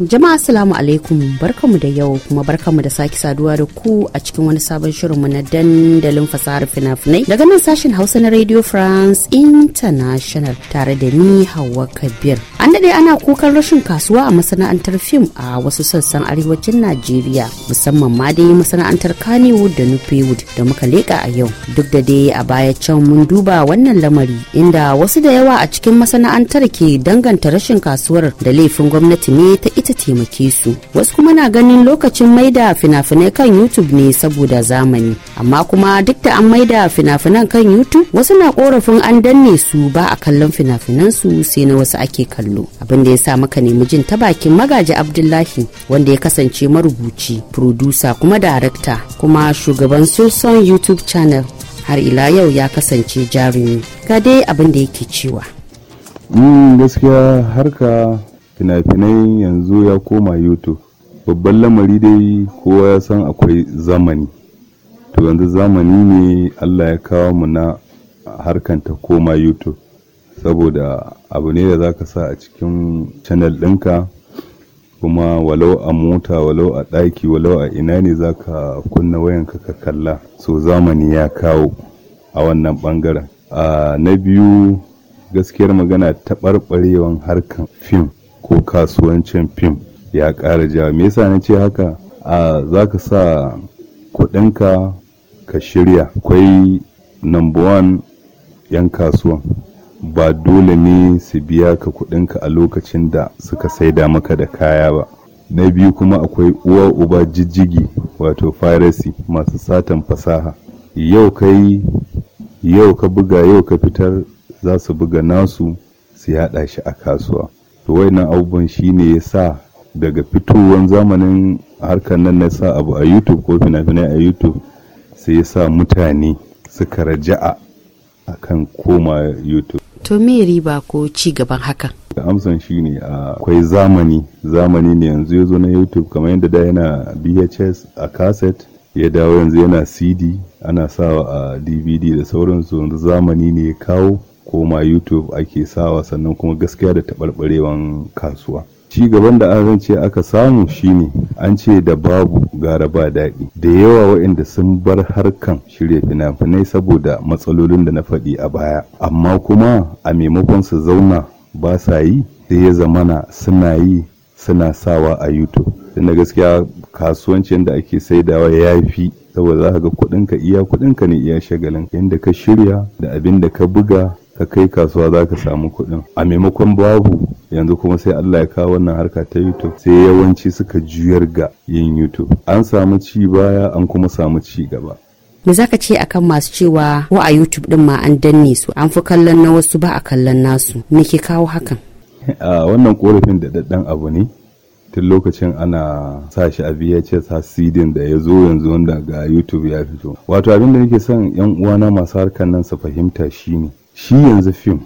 Jama'a salamu alaikum barkamu da yau kuma barkamu da sake saduwa da ku a cikin wani sabon shirin mu na dandalin fasahar fina-finai daga nan sashen Hausa na Radio France International tare da ni Hauwa Kabir. An daɗe ana kukan rashin kasuwa a masana'antar fim a wasu sassan arewacin Najeriya musamman ma dai masana'antar Kannywood da Nupewood da muka leƙa a yau. Duk da dai a baya can mun duba wannan lamari inda wasu da yawa a cikin masana'antar ke danganta rashin kasuwar da laifin gwamnati ne ta ita ta taimake su wasu kuma na ganin lokacin maida fina-finai kan youtube ne saboda zamani amma kuma duk da an maida fina-finan kan youtube wasu na korafin an danne su ba a kallon fina-finan su sai na wasu ake kallo abin da ya sa maka nemi jin ta bakin magaji abdullahi wanda ya kasance marubuci producer kuma darakta kuma shugaban soson youtube channel har ila yau ya kasance jarumi ga dai abin da yake cewa mm, gaskiya harka fina-finai yanzu ya koma youtube babban lamari dai kowa ya san akwai zamani to yanzu zamani ne allah ya kawo mu na harkar ta koma youtube saboda abu ne da za ka sa a cikin channel ɗinka kuma walau a mota walau a ɗaki walau a ina ne za ka kunna wayanka ka kalla so zamani ya kawo a wannan ɓangaren ah, na biyu gaskiyar magana taɓarɓarewan harkan fim ko kasuwancin fim ya ƙara jawa me yasa na ce haka a za ka sa kuɗinka ka shirya akwai number one 'yan kasuwan ba dole ne su biya ka kuɗinka a lokacin da suka saida maka da kaya ba na biyu kuma akwai uwa uba jijjigi wato piracy masu satan fasaha yau kai yau ka buga yau ka fitar za su buga nasu su yada shi a kasuwa to wayannan abubuwan shine ya sa daga fitowar zamanin harkar nan na sa abu a youtube ko fina-finai a youtube sai ya sa mutane suka raja'a akan koma youtube to me riba ko ci gaban hakan amsan shine akwai zamani zamani ne yanzu ya zo na youtube kamar yadda da yana bhs a cassette ya dawo yanzu yana cd ana sawa a dvd da sauransu yanzu zamani ne ya kawo koma youtube ake sawa sannan kuma gaskiya da taɓarɓarewan kasuwa ci gaban da an ce aka samu shine an ce da babu gara ba daɗi da yawa waɗanda sun bar harkan shirya fina-finai saboda matsalolin da na faɗi a baya amma kuma a maimakon su zauna ba sa yi sai ya zamana suna yi suna sawa a youtube Tunda gaskiya kasuwancin da ake saidawa ya fi saboda za ka ga kuɗinka iya kuɗinka ne iya shagalin inda ka shirya da abin da ka buga ka kai kasuwa za ka samu kuɗin a maimakon babu yanzu kuma sai Allah ya kawo wannan harka ta YouTube sai yawanci suka juyar ga yin YouTube an samu ci baya an kuma samu ci gaba me zaka ce akan masu cewa ko a YouTube din ma an danne su an fi kallon na wasu ba a kallon nasu me ke kawo hakan a wannan korafin da daddan abu ne tun lokacin ana sa shi a VHS hasidin da ya zo yanzu wanda ga YouTube ya fito wato abin da nake son yan uwana masu harkar nan su fahimta ne. shi yanzu fim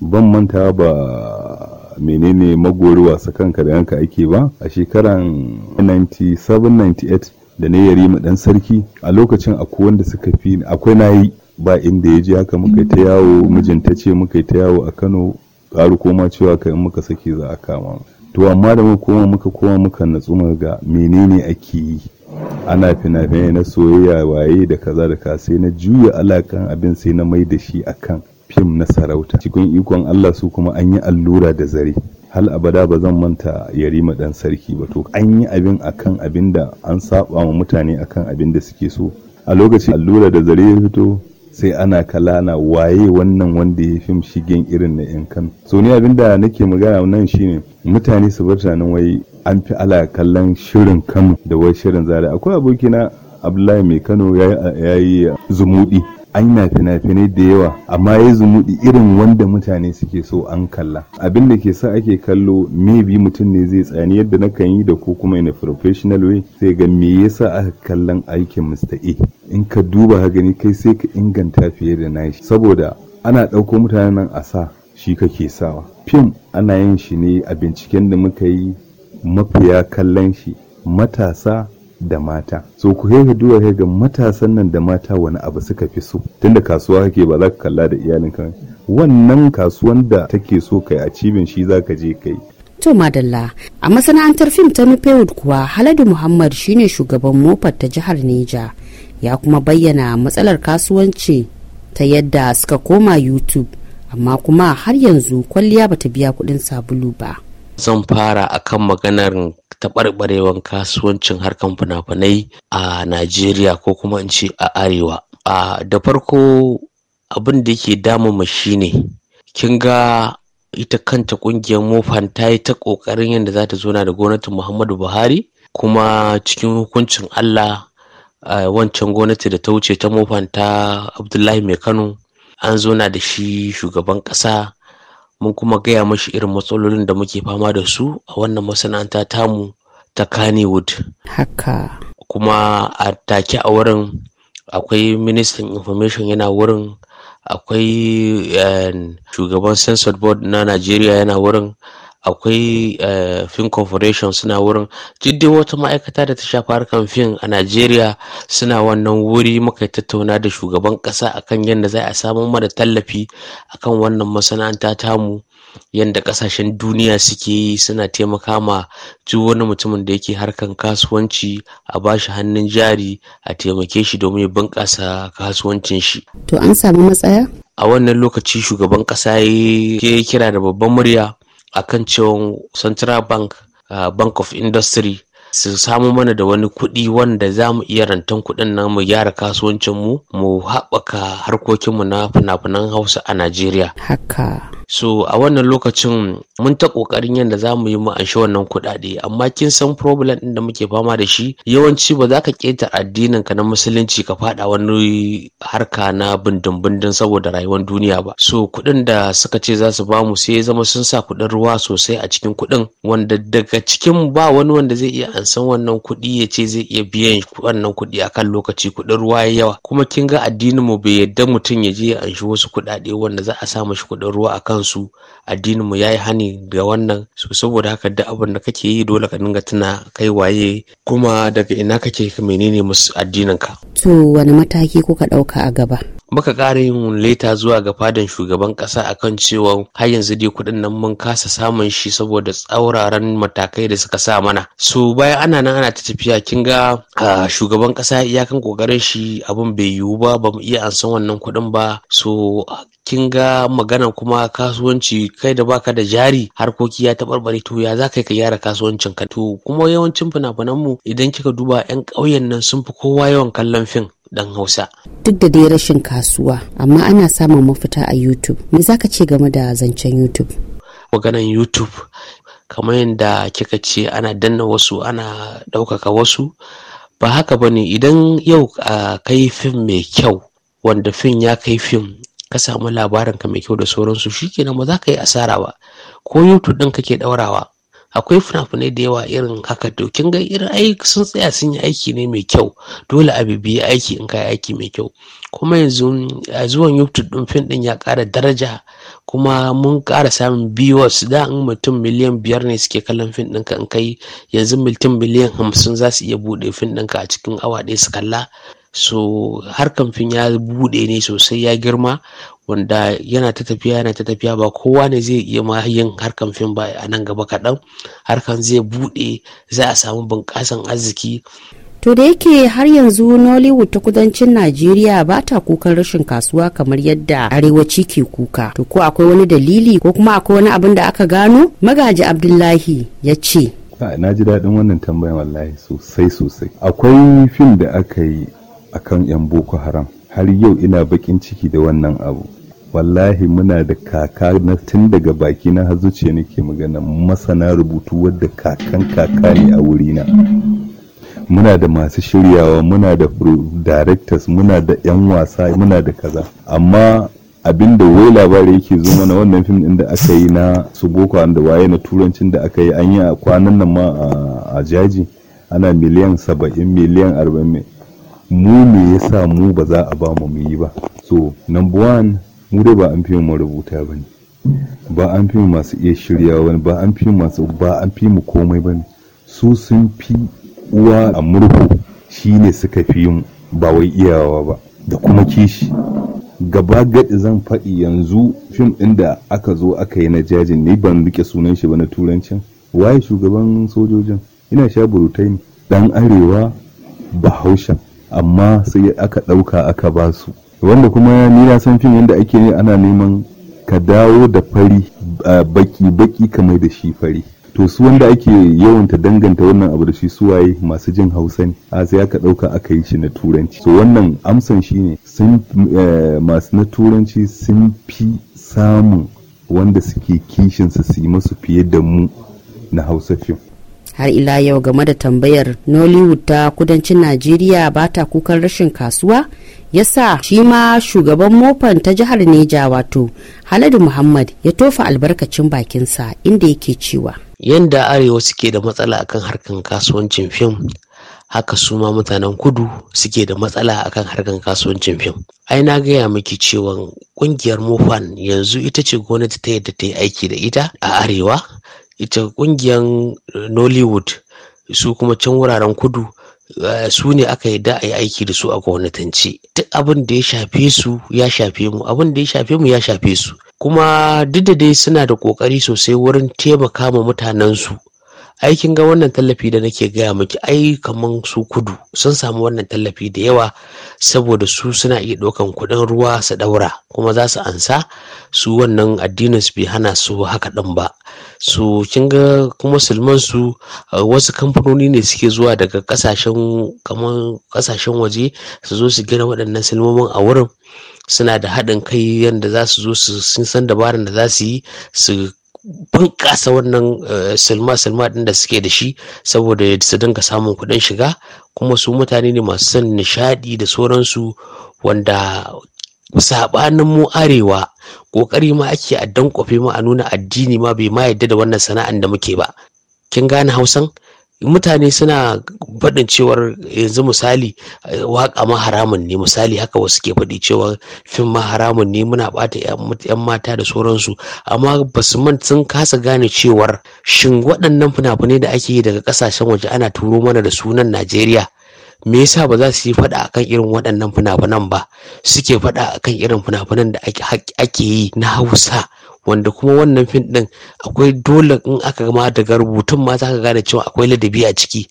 ban manta ba menene magori wasa kanka da yanka ake ba a shekaran 97 da na yari mu sarki a lokacin akwai wanda suka fi akwai na yi ba inda ya ji haka muka ta yawo mijinta ce muka ta yawo a kano ƙaru koma cewa kai muka sake za a kama to amma da muka koma muka koma muka natsu ga menene ake yi ana fina-finai na soyayya waye da kaza da ka sai na juya alakan abin sai na mai da shi akan fim na sarauta cikin ikon Allah su kuma an yi allura da zare hal abada ba zan manta yarima dan sarki ba to an yi abin akan abin da an saba wa mutane akan abin da suke so a lokaci, allura da zare ya fito sai ana kalana waye wannan wanda ya fim shigen irin na yan kano so ni abin da nake magana nan shine mutane su bar tunanin wai an fi ala kallon shirin kano da wai shirin zare akwai abokina abdullahi mai kano ya yi zumudi an na fina-finai da yawa amma ya zumuɗi irin wanda mutane suke so an kalla abin da ke sa ake kallo me bi mutum ne zai tsani yadda na kan yi da ko kuma in a professional way sai ga me yasa aka kallon aikin Mr. A in ka duba ha gani kai sai ka inganta fiye da nashi saboda ana ɗauko mutanen nan a sa shi kake sawa fim ana yin shi ne a binciken da muka yi mafiya kallon shi matasa da mata so ku haihu duwa ga matasan nan da mata wani abu suka fi so tunda kasuwa kake ba za ka kalla da iyalinka wannan kasuwan da take so kai a cibin shi za ka je kai to madalla a masana'antar fim ta nupewood kuwa haladu muhammad shine shugaban mofar ta jihar neja ya kuma bayyana matsalar kasuwanci ta yadda suka koma youtube amma kuma har yanzu kwalliya bata biya kuɗin sabulu ba zan fara akan maganar taɓarɓarewan kasuwancin harkar fina-finai a najeriya ko kuma in ce a arewa da farko abin da yake damama shine kin ga ita kanta ƙungiyar mofan ta yi ta ƙoƙarin yadda za ta zona da gwamnatin muhammadu buhari kuma cikin hukuncin allah wancan gwamnati da ta wuce ta mofan ta abdullahi mai kano an zona da shi shugaban ƙasa. mun kuma gaya mashi irin matsalolin da muke fama da su a wannan masana'anta tamu ta Kannywood. Haka. Kuma a take a wurin akwai ministan information yana wurin akwai eh, shugaban censored board na Najeriya yana wurin akwai eh, film corporation suna wurin jiddi wata ma'aikata da ta shafi harkar fim a najeriya suna wannan wuri muka tattauna da shugaban kasa akan yadda za a samu mara tallafi akan wannan masana'anta tamu yadda kasashen duniya suke yi suna taimaka ma duk wani mutumin da yake harkan kasuwanci a bashi hannun jari a taimake shi domin ya bunƙasa kasuwancin shi to an samu matsaya a wannan lokaci shugaban ƙasa ya kira da babban murya A kan cewa central bank uh, bank of industry su samu mana da wani kuɗi wanda za mu iya rantan kuɗin nan mu gyara kasuwancinmu mu haɓaka harkokinmu na fina-finan hausa a najeriya haka so a wannan lokacin mun ta kokarin yadda za mu yi mu anshi wannan kuɗaɗe amma kin san problem ɗin da muke fama da shi yawanci ba za ka keta addinin ka na musulunci ka faɗa wani harka na bindin bindin saboda rayuwar duniya ba so kuɗin da suka ce za su bamu sai zama sun sa kuɗin ruwa sosai a cikin kuɗin wanda daga cikin ba wani wanda zai iya ansan wannan kuɗi ya ce zai iya biyan wannan kuɗi akan lokaci kuɗin ruwa ya yawa kuma kin ga addinin mu bai yadda mutum ya je ya anshi wasu kuɗaɗe wanda za a sa mashi kuɗin ruwa akan kansu addininmu ya yi hani ga wannan saboda haka duk abin da kake yi dole ka dinga tuna kai waye kuma daga ina kake menene musu ka to wani mataki kuka ɗauka a gaba. muka ƙara yin leta zuwa ga fadan shugaban ƙasa akan cewa har yanzu dai kuɗin nan mun kasa samun shi saboda tsauraran matakai da suka sa mana so bayan ana nan ana ta tafiya kin ga shugaban ƙasa iyakan ƙoƙarin shi abin bai yiwu ba ba mu iya ansan wannan kuɗin ba so kin ga magana kuma kasuwanci kai da baka da jari harkoki ya taɓarɓare to ya za kai ka gyara kasuwancin ka to kuma yawancin fina-finanmu idan kika duba 'yan ƙauyen nan sun fi kowa yawan kallon fim dan Hausa. Duk da dai rashin kasuwa amma ana samun mafita a YouTube. Me zaka ce game da zancen YouTube? Maganan YouTube kamar yadda kika ce ana danna wasu ana ɗaukaka wasu ba haka ba ne idan yau a kai fim mai kyau wanda fim ya kai fim ka samu labarinka mai kyau da sauransu shi kenan ba za ka yi asara ba ko youtube ɗin kake ɗaurawa akwai fina-finai da yawa irin haka to kin ga irin aiki sun tsaya sun yi aiki ne mai kyau dole a bibiyi aiki in kai aiki mai kyau kuma yanzu a zuwan youtube din fim din ya kara daraja kuma mun kara samun viewers da in mutum miliyan biyar ne suke kallon fim ɗinka in kai yanzu mutum miliyan hamsin za su iya buɗe fim ɗinka a cikin awa ɗaya su kalla so har kamfin ya buɗe ne sosai ya girma wanda yana ta tafiya yana ta tafiya ba kowa ne zai iya ma yin harkan fim ba a nan gaba kaɗan harkan zai buɗe za a samu bunƙasan arziki to da yake har yanzu nollywood ta kudancin najeriya ba ta kukan rashin kasuwa kamar yadda arewaci ke kuka to ko akwai wani dalili ko kuma akwai wani abin da aka gano magaji abdullahi ya ce na ji daɗin wannan tambayan wallahi sosai sosai akwai fim da aka yi akan 'yan boko haram har yau ina bakin ciki da wannan abu wallahi muna da kaka na tun daga baki na har zuciya nake magana masana rubutu wadda kakan kaka ne a wurina muna da masu shiryawa muna da directors muna da 'yan wasa muna da kaza amma abin da wai labari yake zo mana wannan fim din da aka yi na su boko da waye na turancin da aka yi an yi a kwanan nan ma a jaji ana miliyan saba'in miliyan arba'in mu me yasa mu ba za a ba mu yi ba so number one mu dai ba an fi mu rubuta ba ne ba an fi masu iya shirya ba ba an fi masu ba an fi mu komai ba ne su sun fi uwa a murhu shi ne suka fi mu ba wai iyawa ba da kuma kishi gaba gadi zan faɗi yanzu fim ɗin da aka zo aka yi na jajin ne ban rike sunan shi ba na turancin waye shugaban sojojin ina sha burutai ne dan arewa bahaushen amma sai aka ɗauka aka ba su wanda kuma ni na san fim yadda ake ne ana neman ka dawo da fari baki baki kamar da shi fari to su wanda ake yawanta danganta wannan abu da shi suwaye masu jin hausa ne a sai aka ɗauka aka yi shi na turanci so wannan amsan shi ne eh, masu na turanci sun fi samun wanda suke kishin su yi masu fiye da mu na hausa fim har ila yau game da tambayar nollywood ta kudancin najeriya ba ta kukan rashin kasuwa yasa shi ma shugaban mofan ta jihar neja wato haladu muhammad ya tofa albarkacin bakinsa inda yake cewa yadda arewa suke da matsala akan harkan kasuwancin fim haka su ma mutanen kudu suke da matsala akan harkan kasuwancin fim ai na gaya miki cewa kungiyar mofan yanzu ita ce gwamnati ta yadda ta yi aiki da ita a arewa ita kungiyar eh, nollywood su kuma can wuraren kudu eh, su ne aka yi da a yi aiki da su a gwamnatance duk abin da ya shafe su ya shafe mu abin da ya shafe mu ya shafe su kuma duk da dai suna da kokari sosai wurin taimaka ma mutanensu aikin kin ga wannan tallafi da nake gaya miki ai kaman su kudu sun samu wannan tallafi da yawa saboda su suna iya ɗaukan kuɗin ruwa su ɗaura kuma za su ansa su wannan addinin su bai hana su haka ɗin ba su kin ga kuma sulman su eh, wasu kamfanoni ne suke zuwa daga ƙasashen kaman ƙasashen waje su zo su gina waɗannan silmomin a wurin suna da haɗin kai yadda za su zo su sun san dabarar da za su yi su bunƙasa wannan eh, silma silma ɗin da suke da shi saboda su dinga samun kuɗin shiga kuma su mutane ne masu son nishaɗi da sauransu wanda saɓanin mu arewa ƙoƙari ma ake a dankwafe ma a nuna addini ma bai ma yadda da wannan sana'an da muke ba kin gane hausan mutane suna faɗin cewar yanzu misali waƙa ma haramun ne misali haka wasu ke faɗi cewa fim ma haramun ne muna ɓata 'yan mata da sauransu amma ba su man sun kasa gane cewar shin waɗannan fina-finai da ake yi daga ƙasashen waje ana turo mana da sunan najeriya me yasa ba za su yi faɗa akan irin waɗannan fina-finan ba suke faɗa akan irin fina-finan da ake yi na hausa wanda kuma wannan fim din akwai dole in aka ma daga rubutun ma za ka gane cewa akwai ladabi a ciki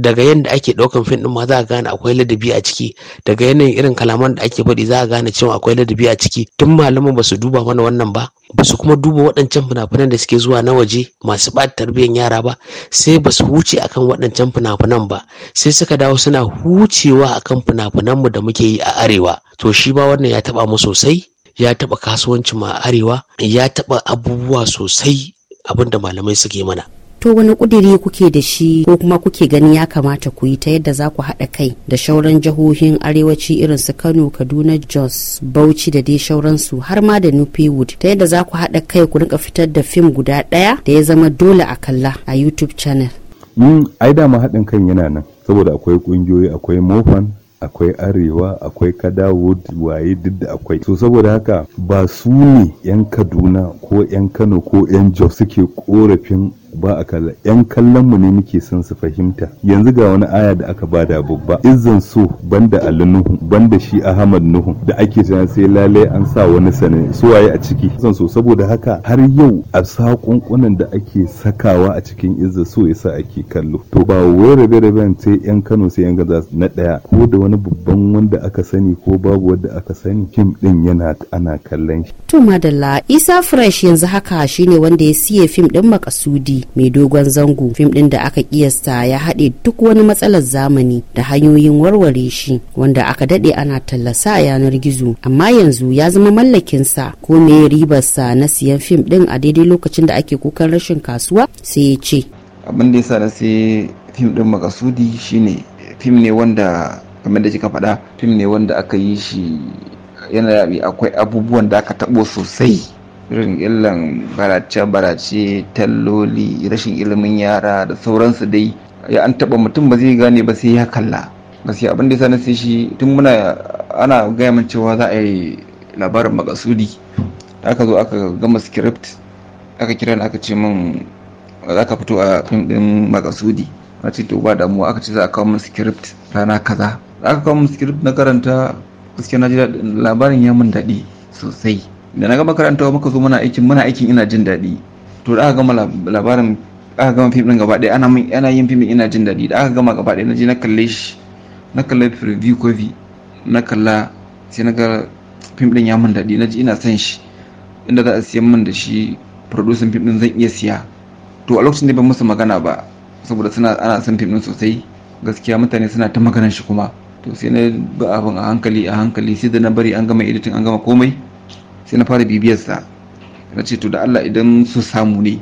daga yadda ake ɗaukan fim ɗin ma za ka gane akwai ladabi a ciki daga yanayin irin kalaman da ake faɗi za ka gane cewa akwai ladabi a ciki tun malaman ba su duba mana wannan ba ba su kuma duba waɗancan fina-finan da suke zuwa na waje masu ɓata tarbiyyar yara ba sai ba su huce akan waɗancan fina-finan ba sai suka dawo suna hucewa akan fina-finanmu da muke yi a arewa to shi ba wannan ya taɓa mu sosai ya taɓa kasuwancin ma arewa ya taɓa abubuwa sosai abinda malamai suke mana to wani kudiri kuke da shi ko kuma kuke gani ya kamata ku yi ta yadda za ku haɗa kai da shauran jihohin arewaci irin su kano kaduna jos bauchi da dai shauransu har ma da nupewood ta yadda za ku haɗa kai ku rinka fitar da fim guda ɗaya da ya zama dole a kalla a youtube channel ai dama haɗin kan yana nan saboda akwai ƙungiyoyi akwai mofan akwai arewa akwai kadawood waye duk da akwai so saboda haka ba su ne yan kaduna ko yan kano ko yan jos suke korafin ba a kalla yan kallon mu ne muke son su fahimta yanzu ga wani aya da aka bada babba izan so banda Ali Nuhu banda shi Ahmad Nuhu da ake tunanin sai lale an sa wani sanin suwaye a ciki son so saboda haka har yau a sakunkunan da ake sakawa a cikin izza so yasa ake kallo to ba wai rabe-raben sai yan Kano sai yan Gaza na daya ko da wani babban wanda aka sani ko babu wanda aka sani fim din yana ana kallon shi to madalla Isa Fresh yanzu haka shine wanda ya siye fim din makasudi mai dogon zango fim ɗin da aka kiyasta ya haɗe duk wani matsalar zamani da hanyoyin warware shi wanda aka daɗe ana tallasa a yanar gizo amma yanzu ya zama mallakinsa ko me ribarsa na siyan fim ɗin a daidai lokacin da ake kukan rashin kasuwa sai ya ce abin da yasa na sai fim ɗin makasudi shine fim ne wanda kamar da kika faɗa fim ne wanda aka yi shi yana akwai abubuwan da aka taɓo sosai rashin illan barace-barace talloli rashin ilimin yara da sauransu dai ya an taba mutum ba zai gane ba sai ya kalla gaskiya abin da sani sai shi tun muna ana gaya min cewa za a yi labarin makasudi da aka zo aka gama script aka kira aka ce min za ka fito a fim din makasudi na ce to ba damuwa aka ce za a kawo min script rana kaza aka kawo min script na karanta gaskiya na ji labarin ya mun daɗi sosai da na ga makarantar muka zo muna aikin muna aikin ina jin daɗi to da aka gama labarin aka gama fim din gaba ɗaya ana yin fim ina jin daɗi da aka gama gaba ɗaya na je na kalle shi na kalle preview ko vi na kalla sai na ga fim din ya min daɗi na ji ina son shi inda za a siyan min da shi producing fim din zan iya siya to a lokacin da ban musu magana ba saboda suna ana son fim din sosai gaskiya mutane suna ta maganar shi kuma to sai na ba abin a hankali a hankali sai da na bari an gama editing an gama komai sai na fara bibiyarsa na ce to da Allah idan su samu ne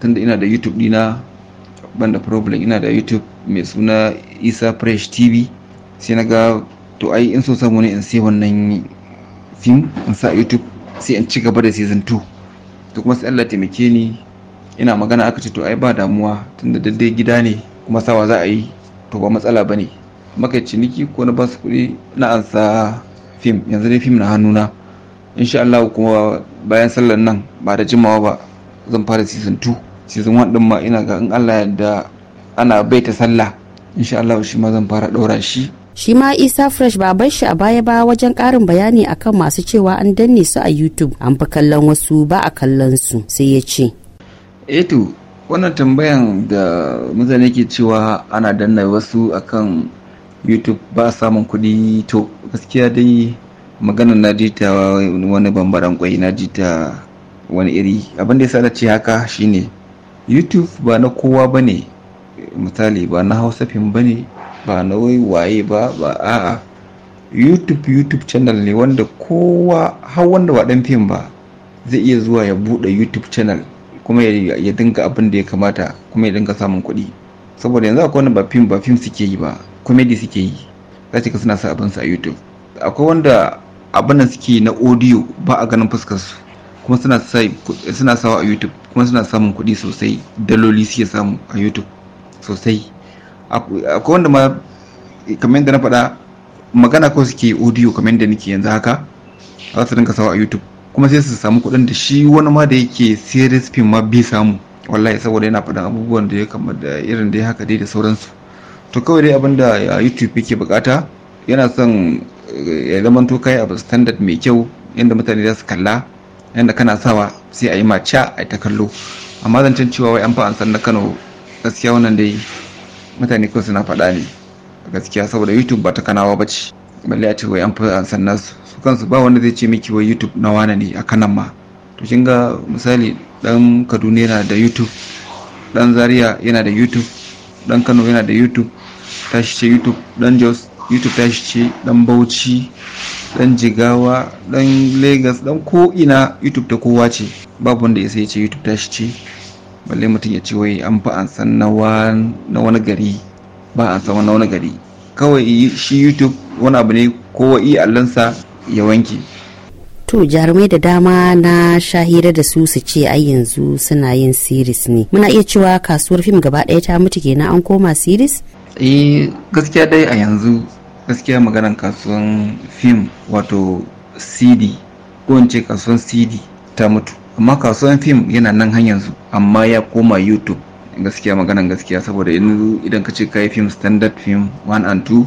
tunda ina da youtube dina ban da problem ina da youtube mai suna isa fresh tv sai na ga to ai in so samu ne in sai wannan fim in sa youtube sai in ci gaba da season 2 to kuma sai Allah taimake ni ina magana aka ce to ai ba damuwa tunda daddai gida ne kuma sawa za a yi to ba matsala ba ne maka ciniki ko na basu kuɗi na ansa fim yanzu dai fim na hannuna insha Allah kuma bayan sallar nan ba da jimawa ba zan fara season 2 season 1 din ma ina ga in Allah yadda ana baita sallah insha Allah shi ma zan fara ɗora shi shi ma isa fresh ba shi a baya ba wajen karin bayani akan masu cewa an danne su a youtube an fi kallon wasu ba a kallon su sai ya ce eto eh wannan tambayan da mutane ke cewa ana danna wasu akan youtube ba samun kuɗi to gaskiya dai Magana na jita ta wani bambaran kwai na ji wani iri abin da ya sa ce haka shine youtube ba na kowa ba ne misali ba na hausa fim ba ne ba na waye ba ba a youtube youtube channel ne wanda kowa har wanda ba dan fim ba zai iya zuwa ya bude youtube channel kuma ya dinga abin da ya kamata kuma ya dinga samun kuɗi saboda yanzu akwai wanda ba fim ba fim suke yi ba comedy suke yi za ka suna sa abinsa a youtube akwai wanda abin da suke na audio ba a ganin fuskar su kuma suna sawa a youtube kuma suna samun kuɗi sosai daloli suke samu a youtube sosai akwai wanda ma kamar yadda na faɗa magana ko suke audio kamar yadda nake yanzu haka za su dinga sawa a youtube kuma sai su samu kuɗin da shi wani ma da yake serious fim ma bi samu wallahi saboda yana faɗan abubuwan da ya kama da irin da ya haka dai da sauransu to kawai dai abin da youtube yake bukata yana son ya zama to kai abu standard mai kyau yadda mutane za su kalla yadda kana sawa sai a yi maca a ta kallo amma zancen cewa wai an fa an san na kano gaskiya wannan dai mutane kawai suna faɗa ne gaskiya saboda youtube ba ta kanawa ba ce balle a ce wai an fa an san nasu su kansu ba wanda zai ce miki wai youtube na wane ne a kanan ma to kin ga misali dan kaduna yana da youtube dan zaria yana da youtube dan kano yana da youtube tashi ce youtube dan jos youtube tashi ce dan bauchi dan jigawa dan lagos dan ko'ina youtube ta kowa ce babu wanda ya sai ce youtube tashi ce balle mutum ya ce wai an fi an san na wani gari ba an san na wani gari kawai shi youtube wani abu ne kowa iya allansa ya wanke to jarumai da dama na shahira da su su ce ai yanzu suna yin series ne muna iya cewa kasuwar fim gaba ɗaya ta mutu kenan an koma series eh gaskiya dai a yanzu gaskiya maganan kasuwan fim wato cd ko in ce kasuwan cd ta mutu amma kasuwan fim yana nan hanyar su amma ya koma youtube gaskiya maganan gaskiya saboda yanzu idan ka ce ka yi fim standard fim 1 and 2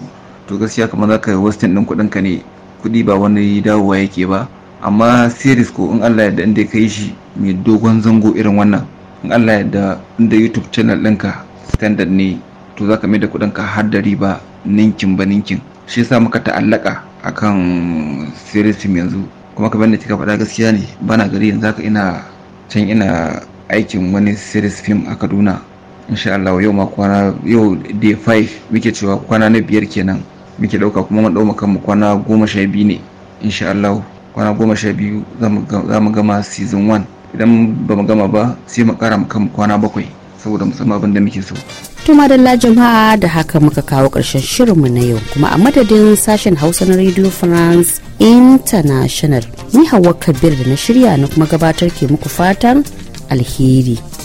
to gaskiya kamar za ka yi wasting ɗin kudin ka ne kuɗi ba wani dawowa yake ba amma series ko in allah yadda inda ka yi shi mai dogon zango irin wannan in allah yadda inda youtube channel ɗinka standard ne to za ka mai da kudin ka har da riba ninkin ba ninkin shi yasa muka ta'allaka akan series team yanzu kuma ka da cika faɗa gaskiya ne bana gari yanzu haka ina can ina aikin wani series film a Kaduna insha Allah yau ma kwana yau day 5 muke cewa kwana na biyar kenan muke dauka kuma mun dauma kanmu kwana goma sha biyu ne insha Allah kwana goma sha biyu za mu gama season 1 idan ba mu gama ba sai mu kara mu kanmu kwana bakwai saboda musamman abin da muke so kuma da jama'a da haka muka kawo ƙarshen shirinmu na yau kuma a madadin sashen Hausa na Radio France International. Ni hawa Kabir da na shirya na kuma gabatar ke muku fatan alheri.